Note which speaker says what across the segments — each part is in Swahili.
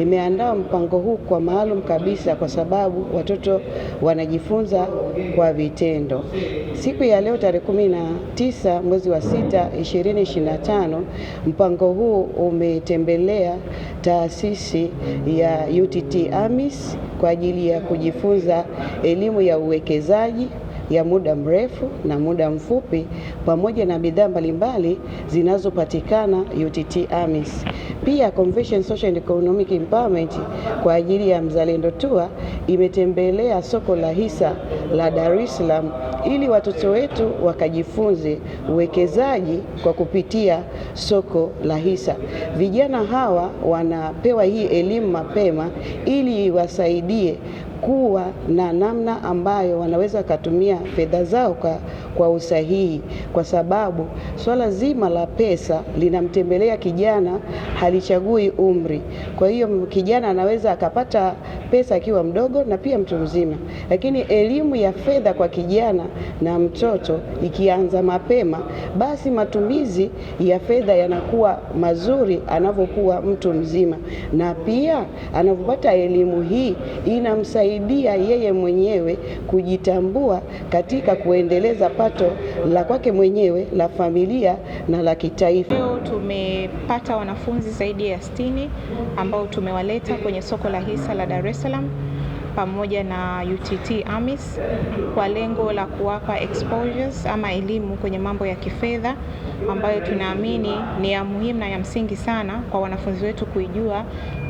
Speaker 1: limeandaa mpango huu kwa maalum kabisa, kwa sababu watoto wanajifunza kwa vitendo. Siku ya leo tarehe kumi na tisa mwezi wa sita 2025 mpango huu umetembelea taasisi ya UTT AMIS kwa ajili ya kujifunza elimu ya uwekezaji ya muda mrefu na muda mfupi pamoja na bidhaa mbalimbali zinazopatikana UTT AMIS. Pia Convention Social and Economic Empowerment kwa ajili ya Mzalendo Tour imetembelea soko la hisa la Dar es Salaam ili watoto wetu wakajifunze uwekezaji kwa kupitia soko la hisa. Vijana hawa wanapewa hii elimu mapema ili iwasaidie kuwa na namna ambayo wanaweza wakatumia fedha zao kwa, kwa usahihi, kwa sababu swala zima la pesa linamtembelea kijana, halichagui umri. Kwa hiyo kijana anaweza akapata pesa akiwa mdogo na pia mtu mzima, lakini elimu ya fedha kwa kijana na mtoto ikianza mapema, basi matumizi ya fedha yanakuwa mazuri anavyokuwa mtu mzima, na pia anavyopata elimu hii inamsaidia kumsaidia yeye mwenyewe kujitambua katika kuendeleza pato la kwake mwenyewe la familia na la kitaifa.
Speaker 2: Leo tumepata wanafunzi zaidi ya 60 ambao tumewaleta kwenye soko la hisa la Dar es Salaam pamoja na UTT AMIS kwa lengo la kuwapa exposures ama elimu kwenye mambo ya kifedha ambayo tunaamini ni ya muhimu na ya msingi sana kwa wanafunzi wetu kuijua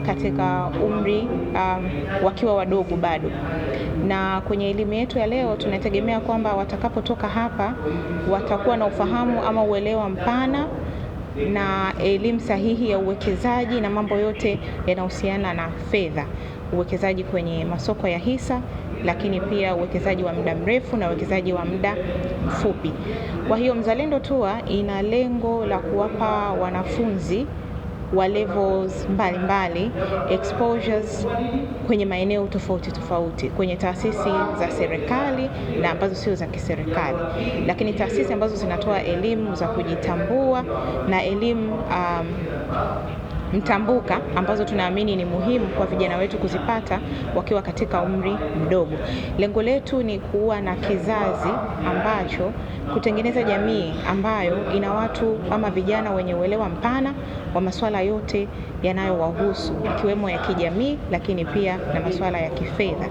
Speaker 2: katika umri um, wakiwa wadogo bado. Na kwenye elimu yetu ya leo tunategemea kwamba watakapotoka hapa watakuwa na ufahamu ama uelewa mpana na elimu sahihi ya uwekezaji na mambo yote yanahusiana na fedha, uwekezaji kwenye masoko ya hisa, lakini pia uwekezaji wa muda mrefu na uwekezaji wa muda mfupi. Kwa hiyo Mzalendo Tour ina lengo la kuwapa wanafunzi wa levels mbalimbali mbali, exposures kwenye maeneo tofauti tofauti kwenye taasisi za serikali na ambazo sio za kiserikali, lakini taasisi ambazo zinatoa elimu za kujitambua na elimu um, mtambuka ambazo tunaamini ni muhimu kwa vijana wetu kuzipata wakiwa katika umri mdogo. Lengo letu ni kuwa na kizazi ambacho kutengeneza jamii ambayo ina watu ama vijana wenye uelewa mpana wa masuala yote yanayowahusu ikiwemo ya kijamii, lakini pia na masuala ya kifedha.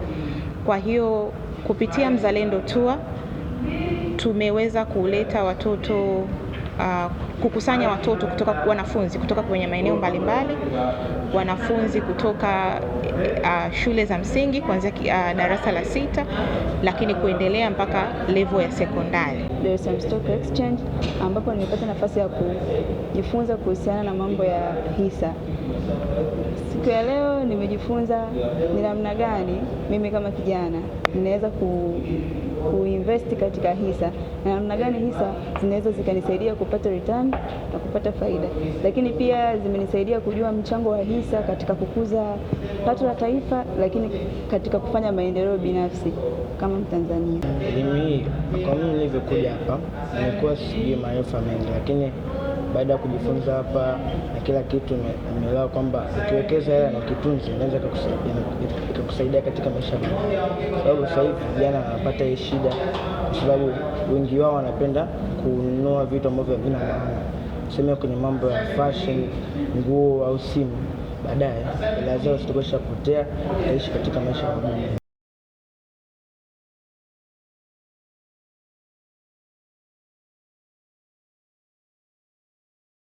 Speaker 2: Kwa hiyo kupitia Mzalendo Tour tumeweza kuleta watoto uh, kukusanya watoto kutoka wanafunzi kutoka kwenye maeneo mbalimbali, wanafunzi kutoka uh, shule za msingi kuanzia uh, darasa la sita, lakini kuendelea mpaka level ya sekondari.
Speaker 3: Dar Stock Exchange ambapo nimepata nafasi ya kujifunza kuhusiana na mambo ya hisa. Siku ya leo nimejifunza ni namna gani mimi kama kijana ninaweza ku, kuinvest katika hisa na namna gani hisa zinaweza zikanisaidia kupata return na kupata faida, lakini pia zimenisaidia kujua mchango wa hisa katika kukuza pato la taifa, lakini katika kufanya maendeleo binafsi kama Mtanzania.
Speaker 4: Mimi kwa mimi nilivyokuja hapa nimekuwa sijui maarifa mengi, lakini baada ya kujifunza hapa na kila kitu, nimeelewa kwamba ukiwekeza hela na kitunzi inaweza ikakusaidia katika maisha yako, sababu sasa hivi vijana wanapata hii shida, kwa sababu wengi wao wanapenda kununua vitu ambavyo havina maana, tuseme kwenye mambo ya fashion, nguo au simu. Baadaye hela zao zitakuwa zishapotea, utaishi katika maisha magumu.